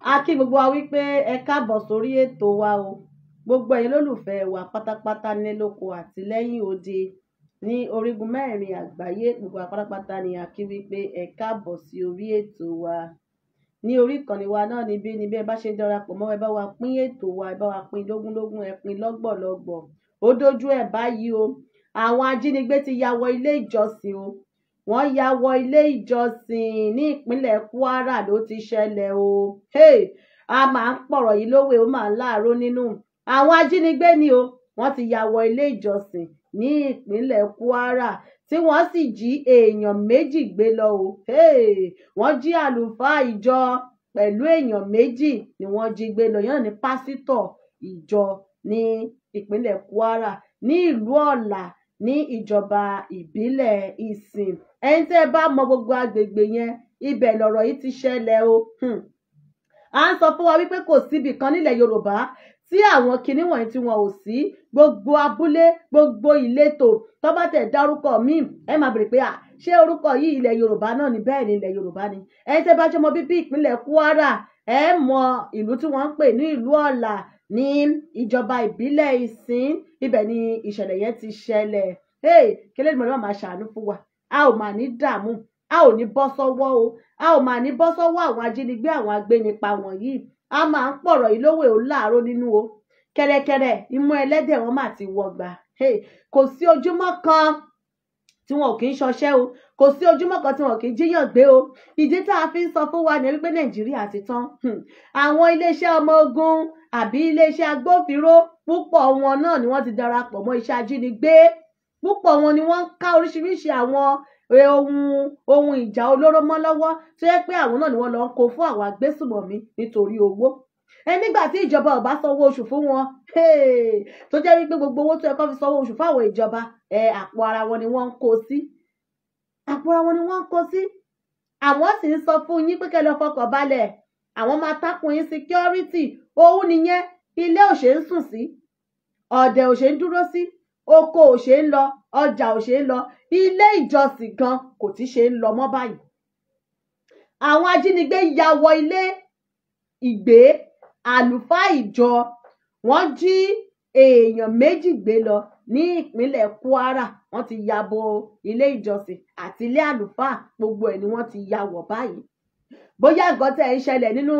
a kí gbogbo wa wípé ẹ káàbọ̀ sórí ètò wa o gbogbo ẹ̀yin lólùfẹ́ wa pátápátá ní lóko àti lẹ́yìn odi ní orígun mẹ́rin àgbáyé gbogbo apátápátá ni a kí wípé ẹ káàbọ̀ sí orí ètò wa ní orí ìkànnì wa náà níbí ni bí ẹ bá ṣe darapọ̀ mọ́ ẹ bá wa pín ètò wa ẹ bá wa pín lógúnlógún ẹ pín lọ́gbọ̀lọ́gbọ̀ ó dojú ẹ̀ báyìí o àwọn ajínigbé ti ya wọ ilé ìjọsìn o wọ́n ya wọ ilé ìjọsìn ní ìpínlẹ̀ kwara ló ti ṣẹlẹ̀ o a máa ń pọ̀rọ̀ yìí lówe ó máa ń láàárọ̀ nínú àwọn ajínigbé ni o wọ́n ti ya wọ ilé ìjọsìn ní ìpínlẹ̀ kwara tí wọ́n sì jí èèyàn méjì gbé lọ o wọ́n jí àlùfáà ìjọ pẹ̀lú èèyàn méjì ni wọ́n jí gbé lọ yẹn ní pásítọ̀ ìjọ ní ìpínlẹ̀ kwara ní ìlú ọ̀la ní ìjọba ìbílẹ̀ isin. ẹni tẹ́ ẹ bá mọ gbogbo agbègbè yẹn ibẹ̀ lọ̀rọ̀ yìí ti ṣẹlẹ̀ o hmm. à ń sọ fún wa wípé kò síbì kan nílẹ̀ Yorùbá tí àwọn kinní wọ̀nyí tí wọn ò sí gbogbo abúlé gbogbo ìletò tó dárúkọ míì ẹ máa bèrè pé à ṣé orúkọ yìí ilẹ̀ Yorùbá náà ni bẹ́ẹ̀ ni ilẹ̀ Yorùbá ni ẹni tẹ́ bá jẹ́ ọmọ bíbí ìpínlẹ̀ Kwara ẹ mọ ìlú tí wọ́n ń pè ní ìlú Ọ̀là ní ìjọba ìbílẹ̀ ìsìn ibẹ̀ ni ìṣẹ̀lẹ̀ yẹn ti ṣẹlẹ̀ hey kílẹ̀ ìmọ̀lẹ́ màmá ṣàánú fún wa a ò mà ní dààmú a ò ní bọ́ sọ́wọ́ o a ò mà ní bọ́ sọ́wọ́ àwọn ajínigbé àwọn agbénipa wọ̀nyí a máa ń pọ̀rọ̀ yìí lówó òun láàárọ̀ nínú o kẹ̀rẹ̀kẹ̀rẹ̀ imú ẹlẹ́dẹ̀ wọn mà ti wọgbà hey kò sí ojúmọ́ kan tí wọn ò kì í ṣọṣẹ́ o kò sí ojúmọ́ kan tí wọn kì í jíyàn gbé o ìdí tá a fi ń sọ fún wa ní wípé nàìjíríà ti tán hmm. àwọn iléeṣẹ́ ọmọ ogun àbí iléeṣẹ́ agbófinró púpọ̀ wọn náà ni wọ́n ti darapọ̀ mọ́ iṣẹ́ ajínigbé púpọ̀ wọn ni wọ́n ń ká oríṣiríṣi àwọn eh, ohun ohun ìjà olóró mọ́ lọ́wọ́ tó yẹ pé àwọn náà ni wọ́n lọ ń kó fún àwọn agbésùmọ̀mí nítorí owó ẹ nígbà tí ìjọba ò bá sanwó oṣù fún wọn tó jẹ́ wípé gbogbo owó tó yẹ kó fi sanwó oṣù fáwọn ìjọba ẹ àpò ara wọn ni wọ́n ń kó sí àpò ara wọn ni wọ́n ń kó sí àwọn sì ń sọ fún yín pé kẹ́ lọ fọkàn balẹ̀ àwọn máa takùn insecurity òun nìyẹn ilé òṣè ń sùn sí ọ̀dẹ̀ òṣè ń dúró sí oko òṣè ń lọ ọjà òṣè ń lọ ilé ìjọsìn gan kò ti ṣe ń lọ mọ́ báyìí àwọn ajínigbé ya wọ ilé ìgbé àlùfáà ìjọ wọ́n jí èèyàn méjì gbé lọ ní ìpínlẹ̀ Kwara wọ́n ti ya bo ilé ìjọsìn àti ilé àlùfáà gbogbo ẹ̀ ni wọ́n ti ya wọ̀ báyìí bóyá nǹkan tẹ̀ ń ṣẹlẹ̀ nínú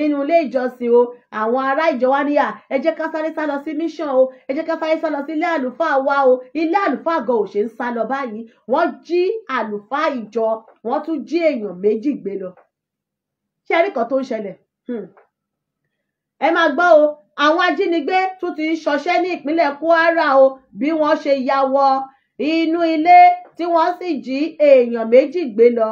nínú ilé ìjọsìn o àwọn ará ìjọ wa níyà ẹ jẹ́ ká sáré sá lọ sí mission o ẹ jẹ́ ká sáré sá lọ sí ilé àlùfáà wa o ilé àlùfáà gan ò ṣe ń sá lọ báyìí wọ́n jí àlùfáà ìjọ wọ́n tún jí èèyàn méjì gbé lọ ṣé ẹ rí kan tó ń ṣẹlẹ̀ hmm. ẹ máa gbọ́ o àwọn ajínigbé tún ti ń ṣọṣẹ́ ní ìpínlẹ̀ Kwara o bí wọ́n ṣe ya wọ inú ilé tí wọ́n sì jí èèyàn méjì gbé lọ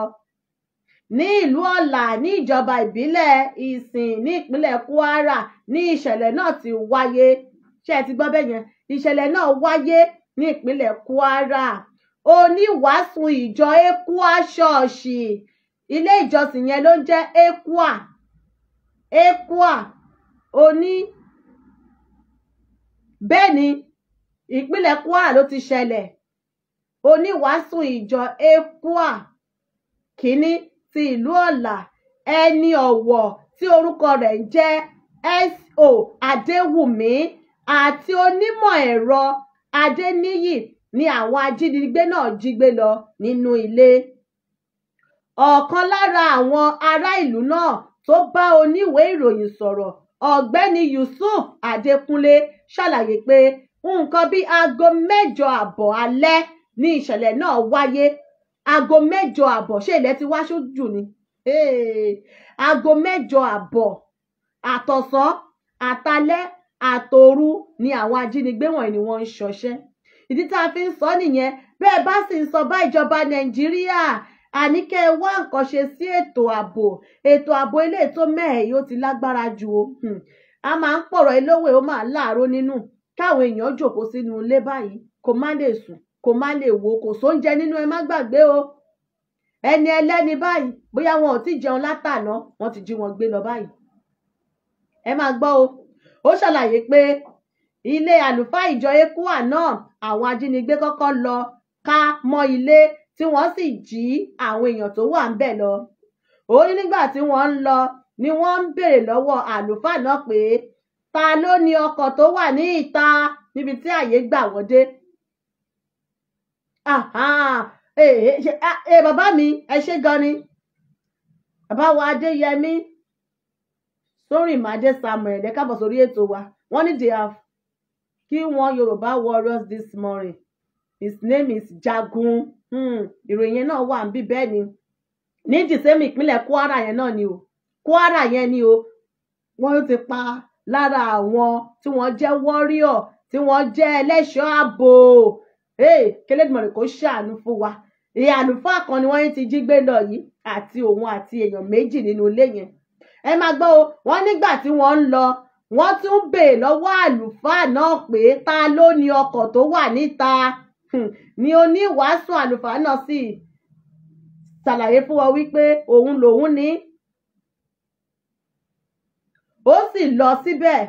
ní ìlú ọ̀là ní ìjọba ìbílẹ̀ ìsìn ní ìpínlẹ̀ kwara ní ìṣẹ̀lẹ̀ náà ti wáyé ṣé ẹ ti gbọ́ bẹ́ẹ̀ yẹn ìṣẹ̀lẹ̀ náà wáyé ní ìpínlẹ̀ kwara oníwàásù ìjọ ekua ṣọ́ọ̀ṣì ilé ìjọsìn yẹn ló ń jẹ́ ekua ekua oní bẹ́ẹ̀ ni ìpínlẹ̀ kwara ló ti ṣẹlẹ̀ oníwàásù ìjọ ekua kínní ti ìlú ọ̀là ẹni ọ̀wọ̀ tí orúkọ rẹ̀ ń jẹ́ S.O. Adéwùmí àti onímọ̀ ẹ̀rọ Adéníyì ni àwọn ajínigbé náà jí gbé lọ nínú ilé. Ọ̀kan lára àwọn ará ìlú náà tó bá oníwèé ìròyìn sọ̀rọ̀ ọ̀gbẹ́ni Yusuf Adékúnlé ṣàlàyé pé nǹkan bíi aago mẹ́jọ àbọ̀ alẹ́ ni ìṣẹ̀lẹ̀ náà wáyé aago mẹ́jọ àbọ̀ ṣé ilẹ̀ ti wá ṣojú ni aago mẹ́jọ àbọ̀ àtọ̀sán àtalẹ́ àtòru ni àwọn ajínigbé wọ̀nyí ni wọ́n ń ṣọṣẹ́ ìdí tá a fi ń sọ nìyẹn bẹ́ẹ̀ bá sì ń sọ bá ìjọba nàìjíríà àní kẹ́ ẹ wá nǹkan ṣe sí ètò ààbò ètò ààbò ilé tó ti lágbára ju o hmm, a máa ń pọ̀rọ̀ ilówó ó máa láàárọ̀ nínú káwọn èèyàn jòkó sínú ilé báyìí kó má lè sùn kó má lè wo kò sóúnjẹ nínú ẹ má gbàgbé o ẹni ẹlẹ́ni báyìí bóyá wọn ò tí jẹun látàná wọn ti jí wọn gbé lọ báyìí ẹ máa gbọ́ o ó ṣàlàyé pé ilé àlùfáà ìjọ ekua náà àwọn ajínigbé kọ́kọ́ lọ ká mọ́ ilé tí wọ́n sì jí àwọn èèyàn tó wà ń bẹ̀ lọ ó ní nígbà tí wọ́n ń lọ ni wọ́n ń béèrè lọ́wọ́ àlùfáà náà pé ta ló ni ọkọ̀ tó wà ní ìta níbi tí àyè gbà wọ́n dé ẹ eh, eh, eh, bàbá mi ẹ ṣe gan ni bàbá wa Adéyẹmí sórí ìmàdé Samuel ẹ káàbọ̀ sórí ètò wa wọ́n ní they have kí wọ́n Yorùbá warriors this morning his name is Jagun hmm, ìròyìn yẹn náà wà ń bí bẹ́ẹ̀ ni ní dìsẹ́mì ìpínlẹ̀ Kwara yẹn náà ni o Kwara yẹn ni o wọ́n ti pa Lara àwọn tí wọ́n jẹ́ warrior tí wọ́n jẹ́ ẹlẹ́ṣọ́ ààbò kélédìmọ̀rì kò ṣàánú fún wa ìyá àlùfáà kan ni wọ́n ti jí gbé lọ yìí àti òun àti èèyàn méjì nínú ilé yẹn ẹ máa gbọ́ o wọ́n nígbà tí wọ́n ń lọ wọ́n tún bèè lọ́wọ́ àlùfáà náà pé ta ló ni ọkọ̀ tó wà níta hmm, ni oníwàásù àlùfáà náà sì ṣàlàyé fún wọn wípé òun lòun ní ó sì lọ síbẹ̀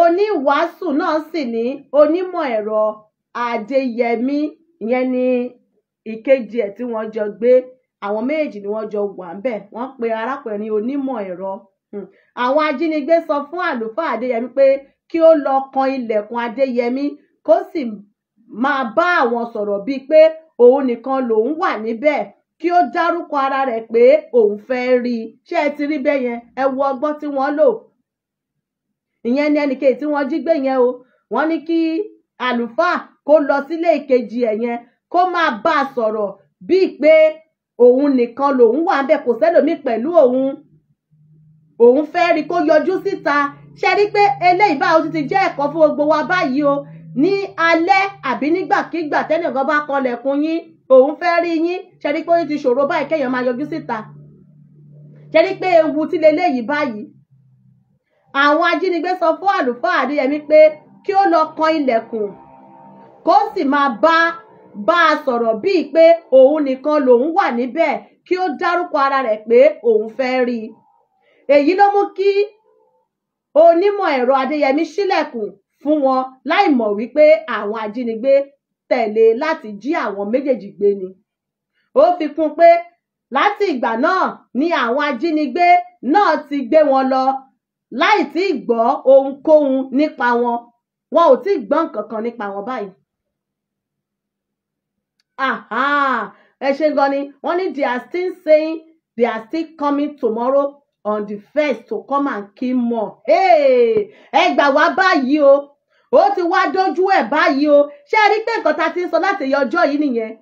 oníwàásù náà sì ní onímọ̀ ẹ̀rọ Adéyẹmí ìyẹn ni ìkejì ẹ̀ tí wọ́n jọ gbé àwọn méjèèjì ni wọ́n jọ wà ńbẹ̀ wọ́n pe arákùnrin onímọ̀ ẹ̀rọ hmm. àwọn ajínigbé sọ fún àlùfáà Adéyẹmí pé kí ó lọ kan ilẹ̀kùn Adéyẹmí kó sì máa bá àwọn sọ̀rọ̀ bíi pé òun nìkan lòun wà níbẹ̀ kí ó dárúkọ ara rẹ̀ pé òun fẹ́ rí i ṣé ẹ ti rí bẹ́ẹ̀ yẹn ẹ wo ọgbọ́n tí wọ́n lò ìyẹn ni ẹnìkejì tí wọ́n jí gbé yẹn o wọ́n ní kí àlùfáà kó lọ sílé ìkejì ẹ̀ yẹn kó máa bá a sọ̀rọ̀ bíi pé òun nìkan lòun wà ń bẹ̀ kò sẹ́lòmíì pẹ̀lú òun òun fẹ́ rí kó yọjú síta ṣe rí pé eléyìí báwo ti ti jẹ́ ẹ̀kọ́ fún gbogbo wa báyìí o ní alẹ́ àbí nígbàkigbà tẹ́nìkan bá kọlẹ̀kùn yín òun fẹ́ rí yín ṣe rí pé ó ti ṣòro báyìí kéèyàn máa yọjú síta ṣe rí pé ewu ti leléyìí báyìí àwọn ajínigbé sọ fún àlùfáà àdéyẹmí pé kí ó lọ kan ilẹ̀kùn kó sì máa bá bá a sọ̀rọ̀ bíi pé òun nìkan lòun wà níbẹ̀ kí ó dárúkọ ara rẹ̀ pé òun fẹ́ rí i èyí ló mú kí onímọ̀ ẹ̀rọ Adéyẹmí ṣílẹ̀kùn fún wọn láì mọ̀ wípé àwọn ajínigbé tẹ̀lé láti jí àwọn méjèèjì gbé ni ó fi kún pé láti ìgbà náà ni àwọn ajínigbé náà ti gbé wọn lọ láì tí ì gbọ́ ohunkóhun nípa wọn wọn ò tí gbọ́ nǹkan kan nípa wọn báyìí ẹ ṣe gan ni wọ́n ní they are still saying they are still coming tomorrow on the first to come and kill more. ẹ gbà wá báyìí o ó ti wá dójú ẹ̀ báyìí o ṣé ẹ rí pé nǹkan tá a ti ń sọ láti ẹ̀yọ ọjọ́ yìí nìyẹn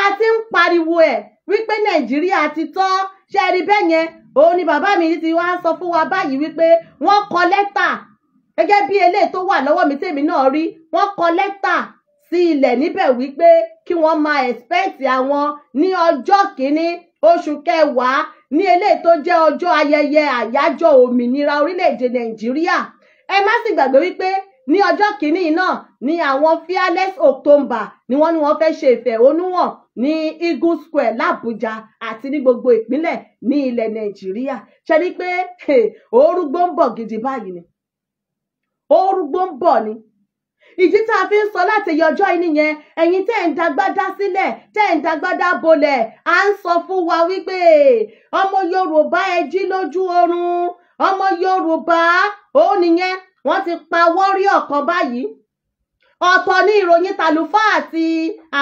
a ti ń pariwo ẹ̀ wípé nàìjíríà ti tọ́ ṣé ẹ rí bẹ́ẹ̀ yẹn òun ni bàbá mi ti wá sọ fún wa báyìí wípé wọ́n kọ lẹ́tà gẹ́gẹ́ bí eléyìí tó wà lọ́wọ́ mi tèmi náà rí wọ́n kọ lẹ́tà sí ilẹ̀ níbẹ̀ wípé kí wọ́n máa expect àwọn ní ọjọ́ kìíní oṣù kẹwàá ní eléyìí tó jẹ́ ọjọ́ ayẹyẹ àyájọ́ òmìnira orílẹ̀-èdè nàìjíríà ẹ má sì gbàgbé wípé ní ọjọ́ kìíní náà ni àwọn fearless october ni wọ́n ní wọ́n fẹ́ ṣe ìfẹ̀hónúhàn ní eagle square làbújá àti ní gbogbo ìpínlẹ̀ ní ilẹ̀ nàìjíríà ṣe ni pé òórùgbó ń bọ̀ gidi báyìí ni òórùgbó ń bọ̀ ni ìdí tá a fi ń sọ láti yọjọ́ yìí nìyẹn ẹ̀yin tẹ́ ń dagbádá sílẹ̀ tẹ́ ń dagbádá bolẹ̀ à ń sọ fún wa wípé ọmọ Yorùbá ẹ jí lójú oorun ọmọ Yorùbá òun nìyẹn wọ́n ti pa wọ́ríọ̀ kan báyìí ọ̀tọ̀ ní ìròyìn tàlùfáà àti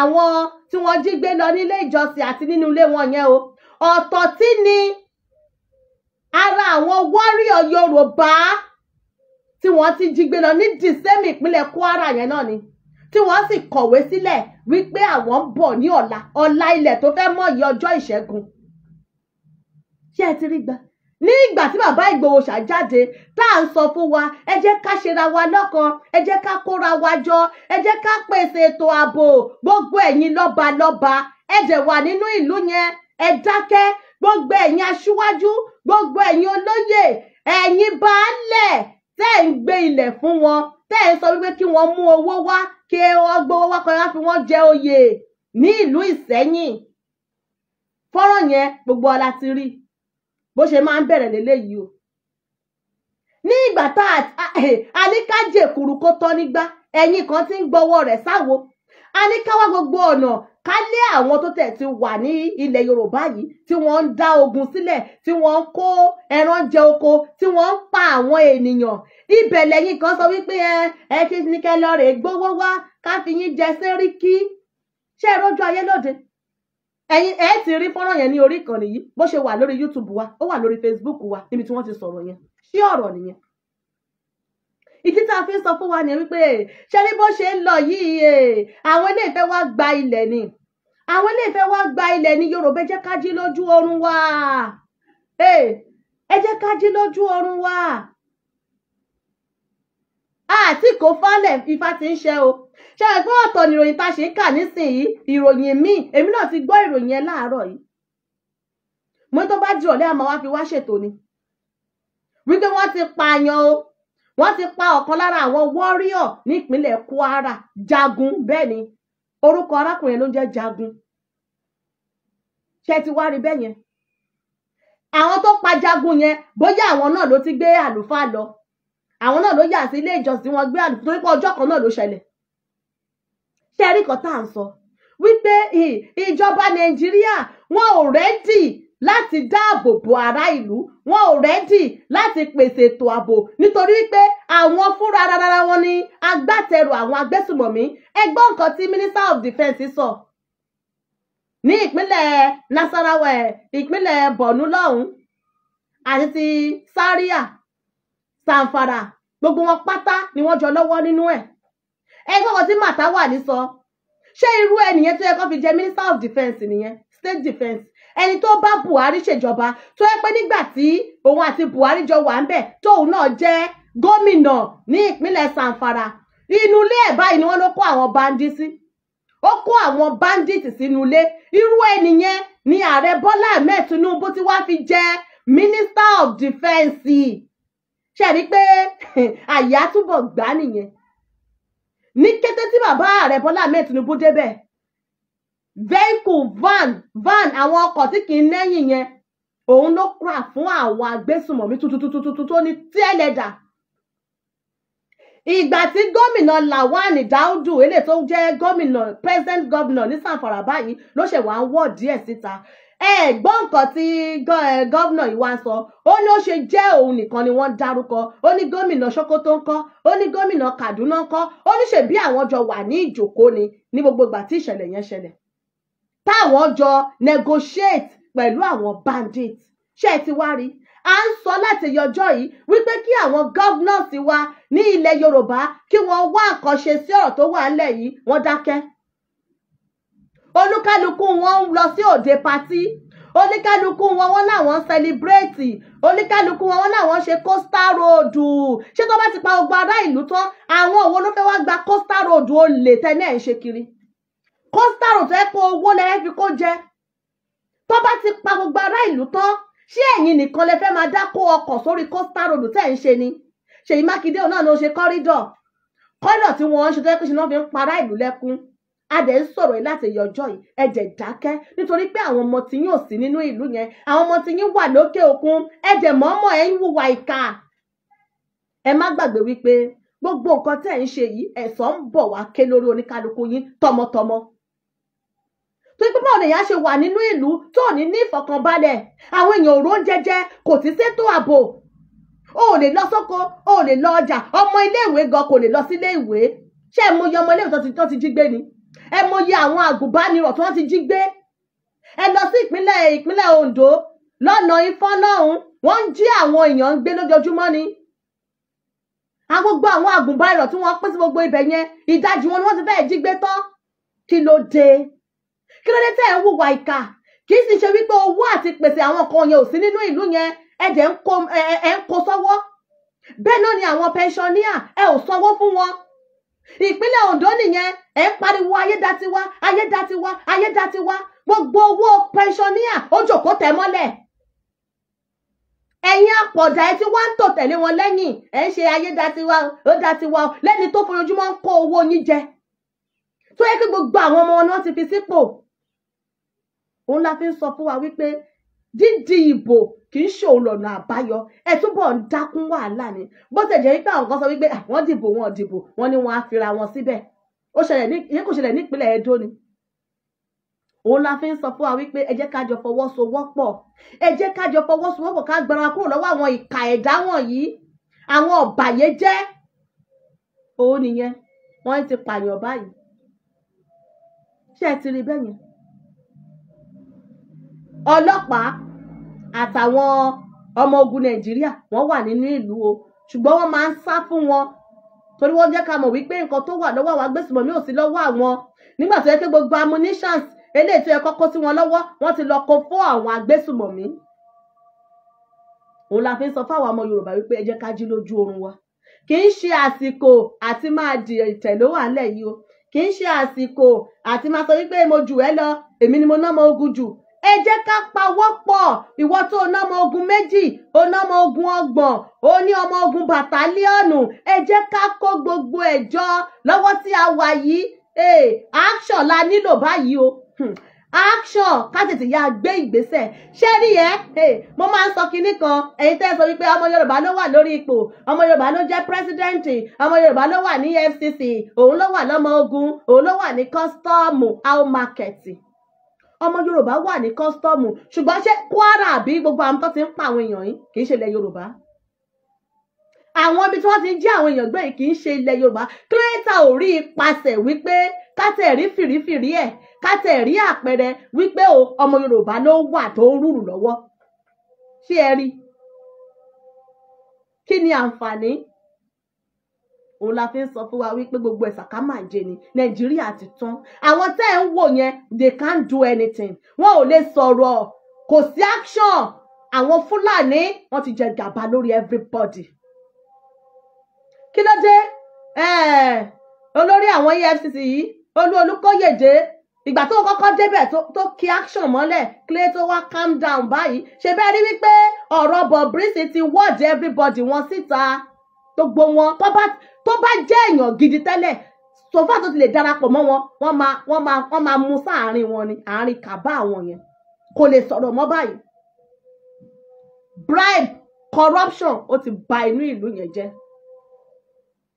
àwọn tí wọ́n jí gbé lọ nílé ìjọsìn àti nínú ilé wọn yẹn o ọ̀tọ̀ tí ni ara àwọn wọ́ríọ̀ Yorùbá tí wọ́n ti jí gbé lọ ní dìsẹ́mì ìpínlẹ̀ Kwara yẹn náà ni tí wọ́n sì kọ̀wé sílẹ̀ wípé àwọn ń bọ̀ ní ọ̀la ọ̀la ilẹ̀ tó fẹ́ mọ̀ yí ọjọ́ ìṣẹ́gun ṣé ẹ ti rí gbà ní ìgbà tí bàbá Ìgbòho ṣàjáde tá à ń sọ fún wa ẹ jẹ́ ká ṣera wa lọ́kan ẹ jẹ́ ká kóra wa jọ ẹ jẹ́ ká pèsè ètò ààbò gbogbo ẹ̀yin lọ́balọ́ba ẹ jẹ́ wà nínú ìlú yẹn ẹ dákẹ́ gbogbo ẹ̀yin aṣíwájú gbogbo ẹ̀yin olóyè ẹ̀yin baálẹ̀ tẹ́ ẹ̀ ń gbé ilẹ̀ fún wọn tẹ́ ẹ̀ ń sọ wípé kí wọ́n mú owó wá kí wọ́n gbowó wá kọ́ra fi wọ́n jẹ oyè ní ìlú Ìsẹ́yìn fọ́nrán yẹn gbogbo ọlá ti rí bó ṣe máa ń bẹ̀rẹ̀ lélẹ́yìí o ní ìgbà tá a eh, ní ká jèkùrú kó tọ́ nígbà ẹ̀yìn kan ti ń gbọ́wọ́ rẹ̀ sáwo a ní ká wá gbogbo ọ̀nà ká lé àwọn tó tẹ̀ ti wà ní ilẹ̀ yorùbá yìí tí wọ́n ń dá ogun sílẹ̀ tí wọ́n ń kó ẹran jẹ oko tí wọ́n ń pa àwọn ènìyàn ibẹ̀ lẹ́yìn kan sọ wípé ẹ ẹ kí ni kẹ́ lọ rè gbówó wá ká fi yín jẹ sẹ́ríkì ṣé ẹ rójú ayé lóde ẹ̀yin ẹ ti rí fọ́nrán yẹn ní orí ìkànnì yìí bó ṣe wà lórí youtube wa ó wà lórí facebook wa níbi tí wọ́n ti sọ̀rọ̀ yẹn ṣé ọ̀rọ̀ nìyẹn ìdí tá a fi ń sọ fún wa ni wípé ṣẹ́rí bó ṣe ń lọ yìí e, àwọn ilé ìfẹ́ wa gba ilẹ̀ ni àwọn ilé ìfẹ́ wa gba ilẹ̀ ni Yorùbá jẹ́ ká jí lójú oorun wa ẹ jẹ́ ká jí lójú oorun wa àti e, kò falẹ̀ ifá ti ń ṣe o ṣe é gbọ́ ọ̀tọ̀ nìròyìn tá a ṣe ń kà nísìnyí ìròyìn míì èmi náà ti gbọ́ ìròyìn ẹ láàárọ̀ yìí mo tó bá di ọ̀lẹ́ àmọ́ wá fi wá ṣètò ni wípé wọ́n ti pààyàn o wọ́n ti pa ọ̀kan lára àwọn wọ́ríọ̀ nípínlẹ̀ Kwara jagun bẹ́ẹ̀ ni orúkọ arákùnrin ló ń jẹ́ jagun ṣe ti wá rí bẹ́ẹ̀ yẹn àwọn tó pa jagun yẹn bóyá àwọn náà ló ti gbé àlùfáà lọ àwọn náà ló yà sí ilé ìjọsìn tí wọ́n gbé àlùfáà torí pé ọjọ́ kan náà ló ṣẹlẹ̀ ṣe rí kan tá à ń sọ wípé ìjọba Nàìjíríà wọn ò rẹ́dì láti dáàbò bo ará ìlú wọn ò rẹ́dì láti pèsè ètò ààbò nítorí pé àwọn fúnra rárá wọn ni agbátẹrù àwọn agbésùmọ̀mí ẹgbọ́n nǹkan tí minister of defence sọ ní ìpínlẹ̀ Nasarawa ìpínlẹ̀ Borno lọ́hùn àti ti Zaria Zamfara gbogbo wọn pátá ni wọ́n jọ lọ́wọ́ nínú ẹ̀ ẹgbọ́n kan tí Matawa ní sọ ṣé irú ẹnìyẹn tó yẹ kó fi jẹ minister of defence nìyẹn state defence ẹni tó bá Buhari ṣèjọba tó yẹ pé nígbà tí òun àti Buhari jọ wà ń bẹ̀ tóun náà jẹ́ gómìnà ní ìpínlẹ̀ Sanfara inú ilé ẹ̀ báyìí ni wọ́n ló kó àwọn bandi sí ó kó àwọn bandit sínú ilé irú ẹnìyẹn ni ààrẹ Bọ́lá Ahmed Tinubu tí wàá fi jẹ́ Minister of Defence ṣe rí i pé àyà túbọ̀ gbá nìyẹn ní kété tí bàbá ààrẹ Bọ́lá Ahmed Tinubu débẹ̀ vehicle van van àwọn ọkọ̀ tí kì í lẹ́yìn yẹn òun ló kúrà fún àwọn agbésùmọ̀mí tuntun tó ní tẹ́lẹ̀dà ìgbà tí gómìnà Lawan Daudu eléyìí tó jẹ́ gómìnà present governor ní sanfara báyìí ló ṣe wá ń wọ̀ díẹ̀ síta ẹ gbọ́ nǹkan tí gómìnà yìí wá ń sọ ó ní ó ṣe jẹ́ òun nìkan ni wọ́n dárúkọ ó ní gómìnà Sokoto ńkọ́ ó ní gómìnà Kaduna ńkọ́ ó ní ṣe bí àwọn jọ wà ní ìjòkó ni ní gbogbo ìgbà tí ìṣẹ̀lẹ̀ yẹn ṣẹlẹ̀ táwọn jọ negotiate pẹ̀lú àwọn bandit ṣé ẹ ti wá rí a ń sọ láti yọjọ́ yìí wípé kí àwọn governors wa ní ilẹ̀ Yorùbá kí wọ́n wá àkànṣe sí ọ̀rọ̀ tó wà ńlẹ̀ yìí wọ́n dákẹ́ olúkálukú wọn ń lọ sí òde patí oníkálukú wọn wọn làwọn ń sẹlibrétì oníkálukú wọn wọn làwọn ṣe coastal road ṣé tó bá ti pa gbogbo ará ìlú tán àwọn òwò ló fẹ́ wá gba coastal road olè tẹ́lẹ̀ ń ṣe kiri kọ́sítàrò tó yẹ kó owó lẹ́yìn fi kó jẹ tó bá ti pa gbogbo ará ìlú tán ṣé ẹ̀yin nìkan lẹ fẹ́ máa dá kó ọkọ̀ sórí coastal road tẹ́ ń ṣe ni ṣèyí mákindé òun náà ló ṣe kọ́rídọ̀ kọ́rídọ̀ tí wọ́n ń ṣe tó yẹ kó ṣe náà fi ń para ìlú lẹ́kún adẹ̀ ń sọ̀rọ̀ yìí láti yọjọ́ yìí ẹ̀jẹ̀ dákẹ́ nítorí pé àwọn ọmọ tí yín ò sí nínú ìlú yẹn àwọn ọmọ tí yín wà lókè òkun ẹ̀jẹ̀ mọ́mọ́ ẹ̀ ń hùwà ìkà ẹ má gbàgbé wípé gbogbo nǹkan tẹ́ ń ṣe yìí ẹ̀san ń bọ̀ wá ké lórí oníkálukú yín tọmọtọmọ tó pé báwo nìyá ṣe wà nínú ìlú tó ní ní ìfọ̀kànbalẹ̀ àwọn èèyàn òró ń jẹjẹ kò ti ṣètò ààbò o ò lè lọ sóko o ò lè lọ ọjà ọmọ iléèwé gan kò lè lọ sí iléèwé ṣé ẹ mọyì ọmọ iléèwé tó ti jí gbé ni ẹ mọyì àwọn àgùnbánirọ̀ tó ti jí gbé ẹ lọ sí ìpínlẹ̀ ìpínlẹ̀ Ondo lọ́nà Ifọ̀n lọ́hùn wọ́n ń jí àwọn èèyàn ń gbé lójoojúmọ́ ni agbogbo àwọn àgùnbánirọ̀ tí wọ́n pín sí gbogbo ibẹ̀ yẹn ìdajì wọn ni wọ́n ti fẹ́ẹ̀ jí gbé tán kí ló dé kí ló dé tẹ́ ẹ̀ ń wùwà ìkà kì í sì ṣe wípé owó àti pèsè àwọn kan yẹn ò sí nínú ìlú yẹn ẹ̀jẹ̀ ń kó sọ́wọ́ bẹ́ẹ̀ náà ni àwọn pẹ́ńsọ́níà ẹ ò sanwó fún wọn ìpínlẹ̀ Ondo nìyẹn ẹ̀ ń pariwo ayédatiwa ayédatiwa ayédatiwa gbogbo owó pẹ́ńsọ́níà ó jòkó tẹ̀ mọ́lẹ̀ ẹ̀yin àpọ̀dà ẹ ti wá ń tò tẹ̀lé wọn lẹ́yìn ẹ̀ ń ṣe ayédatiwa ó datiwa lẹ́ni tó fojoojúmọ́ ń kó owó yín jẹ tó yẹ kí gbogbo àwọn ọmọ wọn ti fi sípò òun la fi ń sọ fún wa wípé dídí ìbò kì í ṣe ọ̀nà àbáyọ ẹ túbọ̀ ń dákún wàhálà ni bó ti jẹ́ wípé àwọn kan sọ wípé wọ́n dìbò wọn dìbò wọn ni wọ́n á fira wọn síbẹ̀ ó ṣẹlẹ̀ ní ìyẹn kò ṣẹlẹ̀ nípínlẹ̀ Edo ni òun la fi ń sọ fún wa wípé ẹ jẹ́ kájọ fọwọ́sowọ́pọ̀ ẹ jẹ́ kájọ fọwọ́sowọ́pọ̀ ká gbára kúrò lọ́wọ́ àwọn ìka ẹ̀dá wọ̀nyí àwọn ọ̀bàyéjẹ́ òun nìyẹn wọ́n ti pààyàn báyìí ṣé ẹ ti rí bẹ́yẹn ọlọ́pàá àtàwọn ọmọ ogun nàìjíríà wọ́n wà nínú ìlú o ṣùgbọ́n wọ́n máa ń sá fún wọn torí wọ́n jẹ́ ká mọ̀ wípé nǹkan tó wà lọ́wọ́ àwọn agbésùmọ̀mí ò sí lọ́wọ́ àwọn nígbà tó yẹ kí gbogbo ammunitions eléyìí tó yẹ kọ́kọ́ sí wọn lọ́wọ́ wọ́n ti lọ kó fún àwọn agbésùmọ̀mí òun la fi ń sọ fáwọn ọmọ yorùbá wípé ẹ jẹ́ ká jí lójú oorun wa kì í ṣe àsìkò àti máa di ìtẹ̀lé wà lẹ̀ yìí o kì í ṣe àsìkò àti máa sọ wípé mo jù ẹ́ lọ èmi ni mo ná mo ogun jù ẹ jẹ́ ká pawọ́pọ̀ ìwọ tó o ná ọmọ ogun méjì o ná ọmọ ogun ọgbọ̀n o ní ọmọ ogun bàtálíọ̀nù ẹ jẹ́ ká kó gbogbo ẹ̀ jọ lọ́wọ́ tí a wà yìí eh, action la nílò báyìí o hmm, action ká tètè yá gbé ìgbésẹ̀ ṣé rí ẹ mo máa ń sọ kinní kan ẹ̀yin tẹ́ ẹ sọ wípé ọmọ yorùbá ló wà lórí ipò ọmọ yorùbá ló jẹ́ president ọmọ yorùbá ló wà ní fcc òun ló wà lọ́mọ ogun òun ló wà ní custom how ọmọ yorùbá wà ní kọ́sítọ́ọ̀mù ṣùgbọ́n ṣé kwara àbí gbogbo àwọn tó ti ń pa àwọn èèyàn yìí kì í ṣe ilẹ̀ yorùbá àwọn ibi tí wọ́n ti ń jí àwọn èèyàn gbé yìí kì í ṣe ilẹ̀ yorùbá kírẹ́tà ò rí ipasẹ̀ wípé kátẹ̀ rí fìrífìrí ẹ̀ kátẹ̀ rí àpẹẹrẹ wípé ọmọ yorùbá ló wà tó ń rúrù lọ́wọ́ ṣé ẹ rí kí ni àǹfààní òun la fi ń sọ fún wa wípé gbogbo ẹ̀sàká máa jẹ ni nàìjíríà ti tán àwọn tẹ́ ẹ̀ ń wò yẹn they can't do anything wọn ò lè sọ̀rọ̀ kò sí action àwọn fúlàní wọn ti jẹ gàba lórí everybody kí ló dé olórí àwọn EFCC yìí olú olùkọ́yèdè ìgbà tó kọ́kọ́ débẹ̀ tó kí action mọ́lẹ̀ clay tó wá calm down báyìí ṣe bẹ́ẹ̀ rí wípé ọ̀rọ̀ Bob Risky ti wọ́ọ̀dì everybody wọn síta gbogbo wọn tó bá tó bá jẹ́ èèyàn gidi tẹ́lẹ̀ sọfà tó ti lè darapọ̀ mọ́ wọn wọ́n máa wọ́n máa wọ́n máa mú sáàárín wọn ni àárín kàbá àwọn yẹn kò lè sọ̀rọ̀ mọ́ báyìí bribe corruption ó ti ba inú ìlú yẹn jẹ́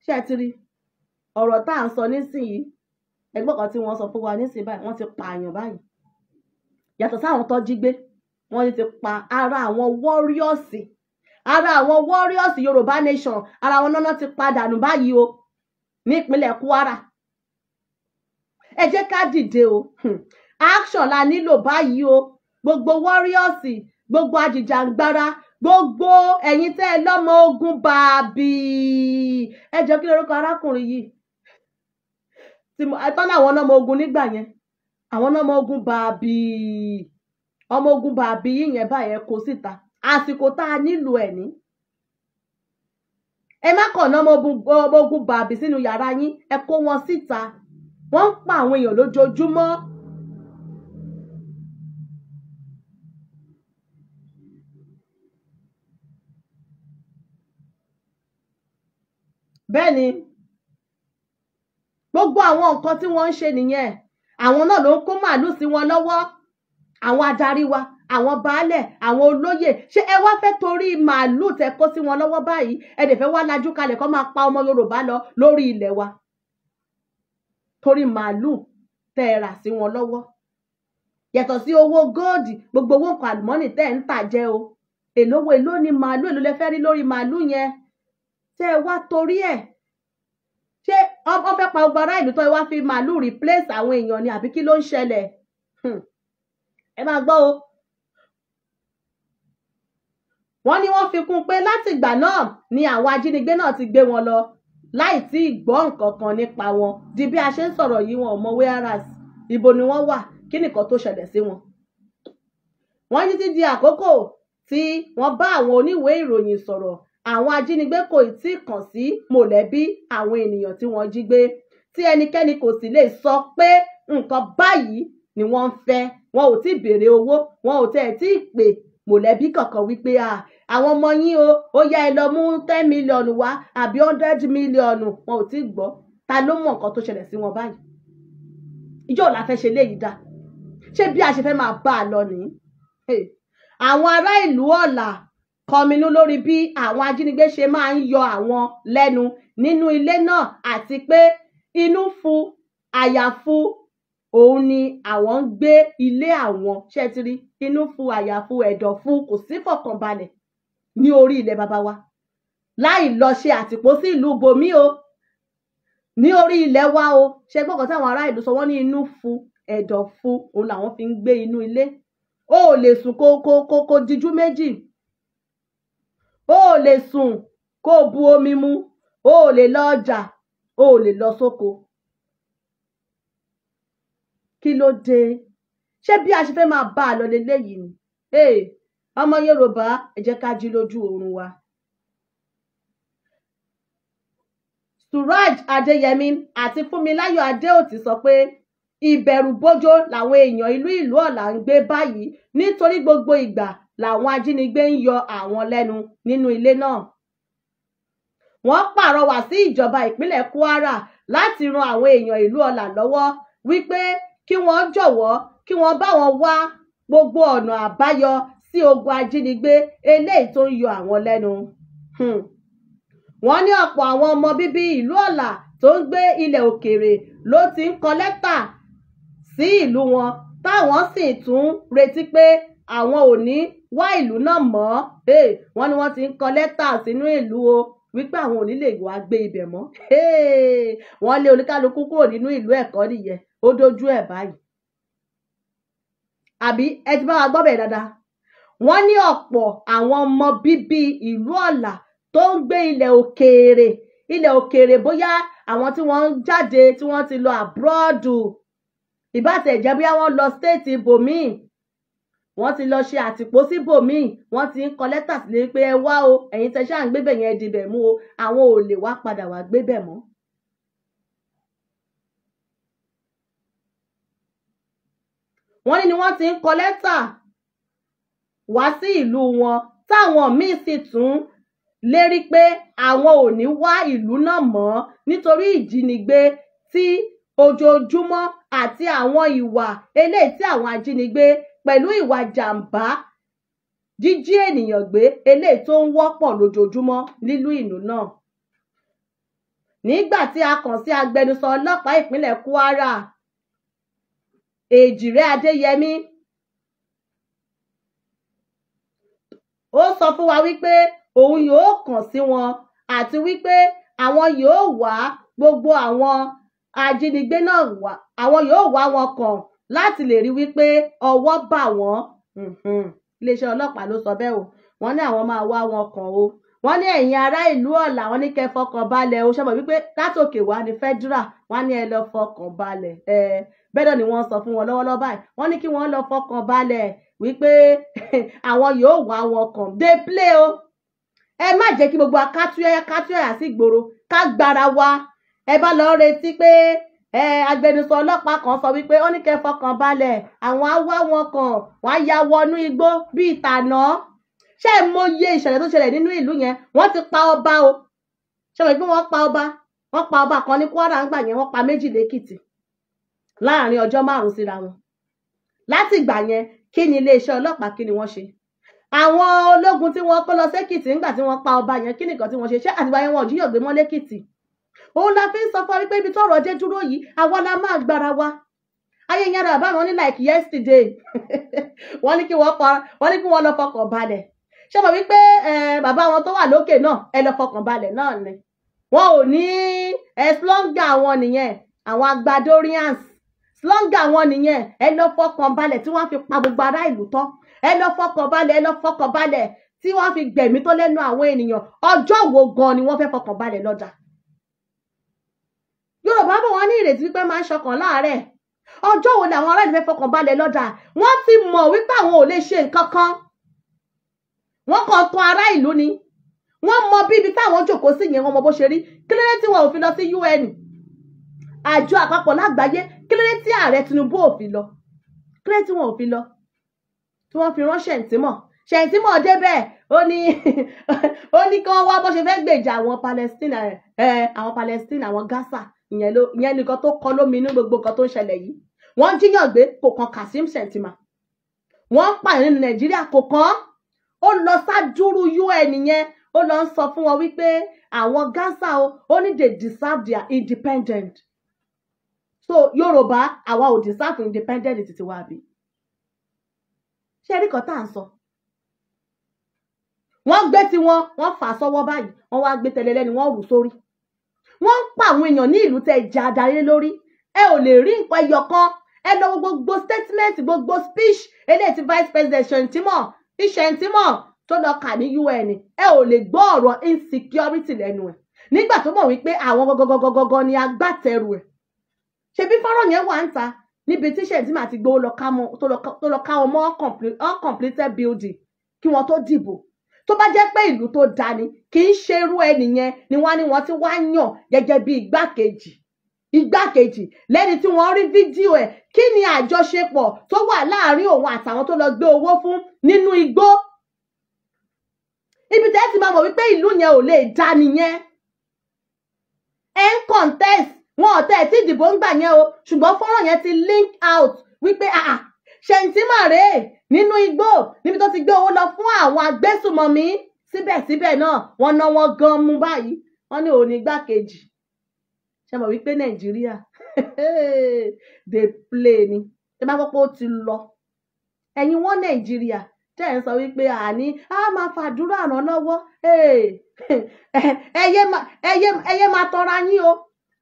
ṣé ẹ ti rí ọ̀rọ̀ tá à ń sọ nísìnyí ẹgbẹ́ kan tí wọ́n sọ fún wa nísìnyí báyìí wọ́n ti pààyàn báyìí yàtọ̀ sáwọn tó jí gbé wọ́n ti pa ara àwọn wọ́ríọ̀sì ara àwọn warriors yorùbá nation ara àwọn nọ́nà ti padà nù báyìí o ní ìpínlẹ̀ kwara ẹ jẹ́ ká dìde o hmm. action la nílò báyìí o gbogbo warriors gbogbo àjìjàngbara gbogbo ẹ̀yin tẹ́ ẹ lọ́mọ ogun bàbí ẹ jọ kí lorúkọ arákùnrin yìí tọ́nà àwọn ọmọ ogun nígbà yẹn àwọn ọmọ ogun bàbí ọmọ ogun bàbí yìnyẹn báyẹn kó síta àsìkò tá a nílò ẹ̀ ní. ẹ má kàn ná ọmọ ogun bàbí sínú yàrá yín ẹ kó wọn síta wọ́n ń pa àwọn èèyàn lójoojúmọ́. bẹ́ẹ̀ ni gbogbo àwọn nǹkan tí wọ́n ń ṣe nìyẹn àwọn náà ló ń kó màálù sí wọn lọ́wọ́ àwọn adarí wa àwọn baálẹ̀ àwọn olóyè ṣé ẹ wá fẹ́ torí màálù tẹ kó sí wọn lọ́wọ́ báyìí ẹ dẹ̀ fẹ́ wá lajú kalẹ̀ kó máa pa ọmọ Yorùbá lọ lórí ilẹ̀ wa torí màálù tẹ ẹ rà sí wọn lọ́wọ́ yàtọ̀ sí owó góòdì gbogbo owó nǹkan àlùmọ́nì tẹ́ ń tà jẹ o èlówó èló ni màálù èló lẹ fẹ́ rí lórí màálù yẹn tẹ́ ẹ wá torí ẹ̀ ṣé ọmọ fẹ́ pa ọgbà ará ìlú tó ẹ wá fi màálù replace àwọn èèyàn ni àbí kí ló ń ṣẹlẹ̀ hmm. ẹ máa gbọ́ o wọ́n ní wọ́n fi kún pé látìgbà náà ni àwọn ajínigbé náà ti gbé wọn lọ láì tí ì gbọ́ nǹkan kan nípa wọn di bí a ṣe ń sọ̀rọ̀ yìí wọn ò mọ whereas ibo ni wọ́n wà kí nìkan tó ṣẹlẹ̀ sí wọn. wọ́n ní títí di àkókò tí wọ́n bá àwọn oníwèé ìròyìn sọ̀rọ̀ àwọn ajínigbé kò tí ì kàn sí mọ̀lẹ́bí àwọn ènìyàn tí wọ́n jí gbé tí ẹnikẹ́ni kò sì lè sọ pé nǹkan báyìí ni wọ́n ń fẹ́ wọn ò tí ì béèrè owó wọn ò tẹ̀ tí ì pè mọ̀lẹ́bí kankan wípé à àwọn ọmọ yín o ó yá ẹ lọ mú ten million wá àbí hundred million wọn ò tí ì gbọ́ ta ló mọ̀ nǹkan tó ṣẹlẹ̀ sí wọn báyìí ìjọ ò la fẹ́ ṣe léyìí dá ṣé bí a ṣe fẹ́ máa bá a lọ nìyí àwọn ará ìlú ọ̀la kọminú lórí bí àwọn ajínigbé ṣe máa ń yọ àwọn lẹ́nu nínú ilé náà àti pé inú fu àyà fu òun ni àwọn ń gbé ilé àwọn ṣẹ́tìrí inú fu àyà fu ẹ̀dọ̀ fu kò sí fọ̀kànbalẹ̀ ní orí ilẹ̀ bàbá wa láì lọ ṣe àtìpó sí ìlú bòmí o ní orí ilẹ̀ wa o ṣe gbọ́ kan táwọn ará ìlú sọ wọ́n ní inú fu ẹ̀dọ̀ fu òun làwọn fi ń gbé inú ilé o ò lè sùn kó kó kó kó dijú méjì o ò lè sùn kó bu omi mu o ò lè lọ ọjà o ò lè lọ sóko kí ló dé ṣé bí a ṣe fẹ́ máa bá a lọ lélẹ́yìí ni. Hey ọmọ yorùbá ẹ jẹ́ ká jí lójú oorun wa. suraj adeyemi àti fúnmiláyọ̀ adéòtí sọ pé ìbẹ̀rùbojo làwọn èèyàn ìlú ìlú ọ̀la ń gbé báyìí nítorí gbogbo ìgbà làwọn ajínigbé ń yọ àwọn lẹ́nu nínú ilé náà. wọ́n pàrọwà sí ìjọba ìpínlẹ̀ kwara láti ran àwọn èèyàn ìlú ọ̀la lọ́wọ́ wípé kí wọ́n jọ̀wọ́ kí wọ́n bá wọn wá gbogbo ọ̀nà àbáyọ sí ogun ajínigbé eléyìí tó ń yọ àwọn lẹ́nu. Hmm. wọ́n ní ọ̀pọ̀ àwọn ọmọ bíbí ìlú ọ̀la tó ń gbé ilẹ̀ òkèèrè ló ti ń kọ lẹ́tà sí ìlú wọn táwọn sì tún retí pé àwọn ò ní wá ìlú náà mọ́ wọ́n ní wọ́n ti ń kọ lẹ́tà sínú ìlú o wípé àwọn ò ní lè wá gbé ibẹ̀ mọ́ wọ́n lé oníkálukú kúrò nínú ìlú ẹ̀kọ́ nìyẹn ó dojú ẹ̀ báyìí àbí ẹ ti bá wa gbọ́ bẹ̀ dáadáa wọ́n ní ọ̀pọ̀ àwọn ọmọ bíbí ìlú ọ̀la tó ń gbé ilẹ̀ òkèèrè ilẹ̀ òkèèrè bóyá àwọn tí wọ́n ń jáde tí wọ́n ti lọ àbúrọ́ọ̀dù ìbátẹ̀jẹ́ bóyá wọ́n lọ stéètì ibòmíì wọ́n ti lọ ṣe àtìpó síbòmíì wọ́n ti ń kọ lẹ́tà sílé pé ẹ wá o ẹ̀yin tẹ ṣáà ń gbébẹ̀ yẹn dibẹ̀ mú o àwọn ò lè wá padà wá gbébẹ̀ mọ́. wọ́n ní ni wọ́n ti ń kọ lẹ́tà wá sí ìlú wọn táwọn míì sì tún lérí pé àwọn ò ní wá ìlú náà mọ́ nítorí ìjínigbé tí ojoojúmọ́ àti àwọn ìwà eléyìí tí àwọn ajínigbé pẹ̀lú ìwà jàǹbá jíjí ènìyàn gbé eléyìí tó ń wọ́pọ̀ lójoojúmọ́ nílùú ìlú náà. nígbà tí a kàn sí agbẹnusọ ọlọ́pàá ìpínlẹ̀ Kwara Èjìrẹ́ Adéyẹmí ó sọ fún wa wípé òun yóò kàn sí wọn àti wípé àwọn yóò wá gbogbo àwọn ajínigbé náà wá àwọn yóò wá wọn kàn láti lè rí wípé ọwọ́ bà wọ́n iléeṣẹ́ ọlọ́pàá ló sọ bẹ́ẹ̀ o wọ́n ní àwọn máa wá wọn kàn o wọ́n ní ẹ̀yin ará ìlú ọ̀la wọ́n ní kẹ́ fọkàn balẹ̀ o ṣẹ́bọ̀ wípé látòkè wá ní fẹ́dúrà wọ́n ní ẹ lọ fọkàn balẹ̀ ẹ bẹ́ẹ̀ ni wọ́n sọ fún wọn lọ́wọ́lọ́wọ́ báyìí wọ́n ní kí wọ́n lọ fọkàn balẹ̀ wípé àwọn yóò wá wọn kàn dé play o ẹ má jẹ́ kí gbogbo akátúyà kátúyà sí ìgboro ká gbára wa ẹ bá lọ retí pé agbẹnusọ ọlọ́pàá kan sọ wípé ó ní kẹ́ fọkàn balẹ̀ àwọn á wá wọn kàn wọ́n á ya wọnú igbó bíi ìtànà ṣé ẹ mọyé ìṣẹ̀lẹ̀ tó ṣẹlẹ̀ nínú ìlú yẹn wọ́n ti pa ọba o ṣé wọ́n pé wọ́n pa ọba wọ́n pa ọba kan ní Kwara ńgbà yẹn wọ́n pa méjì lẹ́kìtì láàrin ọjọ́ márùn-ún síra wọn láti ìgbà yẹn kí ni iléeṣẹ́ ọlọ́pàá kí ni wọ́n ṣe àwọn ológun tí wọ́n kó lọ sékìtì ńgbà tí wọ́n pa ọba yẹn kí nìkan tí wọ́n ṣe ṣé àtìgbà yẹn wọn ò jíyàn gbé mọ́ lẹ́kìtì òun la fi ń sọ fún wípé ibi tọ́rọ̀ dé dúró yìí àwa la máa gbára wa ayé yẹn rà báwọn ní like yesterday wọ́n ní kí wọ́n lọ fọkàn balẹ̀ ṣé mo wípé bàbá wọn tó wà lókè náà ẹ lọ fọkàn balẹ̀ náà ni wọn ò ní ẹ slọ́ngà wọn nìyẹn àwọn agbadorians slọ́ngà wọn nìyẹn ẹ lọ fọkàn balẹ̀ tí wọ́n fi pa gbogbo ará ìlú tán ẹ lọ fọkàn balẹ̀ ẹ lọ fọkàn balẹ̀ tí wọ́n fi gbẹ̀mí tó lẹ́nu àwọn ènìyàn ọjọ́ wo gan ni wọ́n fẹ́ fọkàn balẹ̀ lọ́jà yorùbá bọ̀ wọ́n ní ìrètí wípé máa ń ṣọkàn láàárẹ̀ ọjọ́ wo làwọn ará ìlú fẹ́ fọkàn balẹ̀ lọ́jà wọ́n ti mọ̀ wípé àwọn ò lè ṣe nǹkan kan wọ́n kàn tàn ará ìlú ni wọ́n mọ bíbi táwọn jòkó sí yẹn wọ́n mọ bó ṣe rí kí lóde tí wọn ò fi lọ sí UN àjọ àpapọ̀ lágbàáyé kílódé tí ààrẹ Tinubu ò fi lọ kílódé tí wọn ò fi lọ tí wọ́n fi rán ṣèǹtìmọ̀ ṣèǹtìmọ̀ débẹ̀ ó ní ó ní kí wọ́n wá bó ṣe fẹ́ gbèjà àwọn Palestine ẹ àwọn Palestine àwọn Gaza ìyẹn ló ìyẹn nìkan tó kọ lómi inú gbogbo nǹkan tó ń ṣẹlẹ̀ yìí wọ́n jíyàn gbé kò kan Kasim Shettima wọ́n ń pààyàn ní Nàìjíríà kò kan ó lọ sájúrú UN yẹn ó lọ ń sọ fún wọn wípé àwọn Gaza o ó ní they deserve their independent so yorùbá àwa ò deserve independent títí wá bí ṣé rí kan tá à ń sọ wọ́n gbé tiwọn wọ́n fà sọ́wọ́ báyìí wọ́n wá gbé tẹlẹ lẹ́nu wọ́n rù sórí wọ́n ń pa àwọn èèyàn ní ìlú tẹ ìjà adarí lórí ẹ ò lè rí nǹkan ẹyọ kan ẹ lọ gbogbo statement gbogbo speech eléyìí ti vice president ṣèǹtìmọ̀ ìṣèǹtìmọ̀ tó lọ kà ní UN ẹ ò lè gbọ́ ọ̀rọ̀ insecurity lẹ́nu ẹ̀ nígbà tó mọ̀ wípé àwọn gọgọgọgọgọ ni agbátẹrù ẹ̀ ṣebí fọ́nrán yẹn wà ń ta níbi tí Shettima ti gbowó tó lọ ká wọn mọ́ all completed building kí wọ́n tó dìbò tó bá jẹ́ pé ìlú tó da ni kì í ṣe irú ẹni yẹn ni wọ́n á ní wọ́n ti wá yàn gẹ́gẹ́ bí igbákejì igbákejì lẹ́ni tí wọ́n rí fídíò ẹ̀ kí ni àjọṣepọ̀ tó wà láàárín òun àtàwọn tó lọ gbé owó fún nínú igbó ibi tẹ́ ti máa mọ̀ wípé ìlú yẹn ò lè da nìyẹn ẹ̀ ń contest wọn ò tẹ̀ tí ìdìbò ń gbà yẹn o ṣùgbọ́n fọ́nrán yẹn ti link out wípé ah ṣèǹtìmọ̀ rèé nínú igbó níbi tó ti gbé owó lọ fún àwọn agbésùmọ̀mí síbẹ̀síbẹ̀ náà wọ́n ná wọn gan mú báyìí wọ́n ní òun ní igbákejì ṣe mọ̀ wípé nàìjíríà dey play ni ṣe bá pọ́pọ́ ó ti lọ ẹ̀yin wọ́n nàìjíríà tẹ́ ẹ̀ ń sọ wípé àní á máa fàdúrà ràn lọ́wọ́ ẹ̀yẹ máa tọra yín o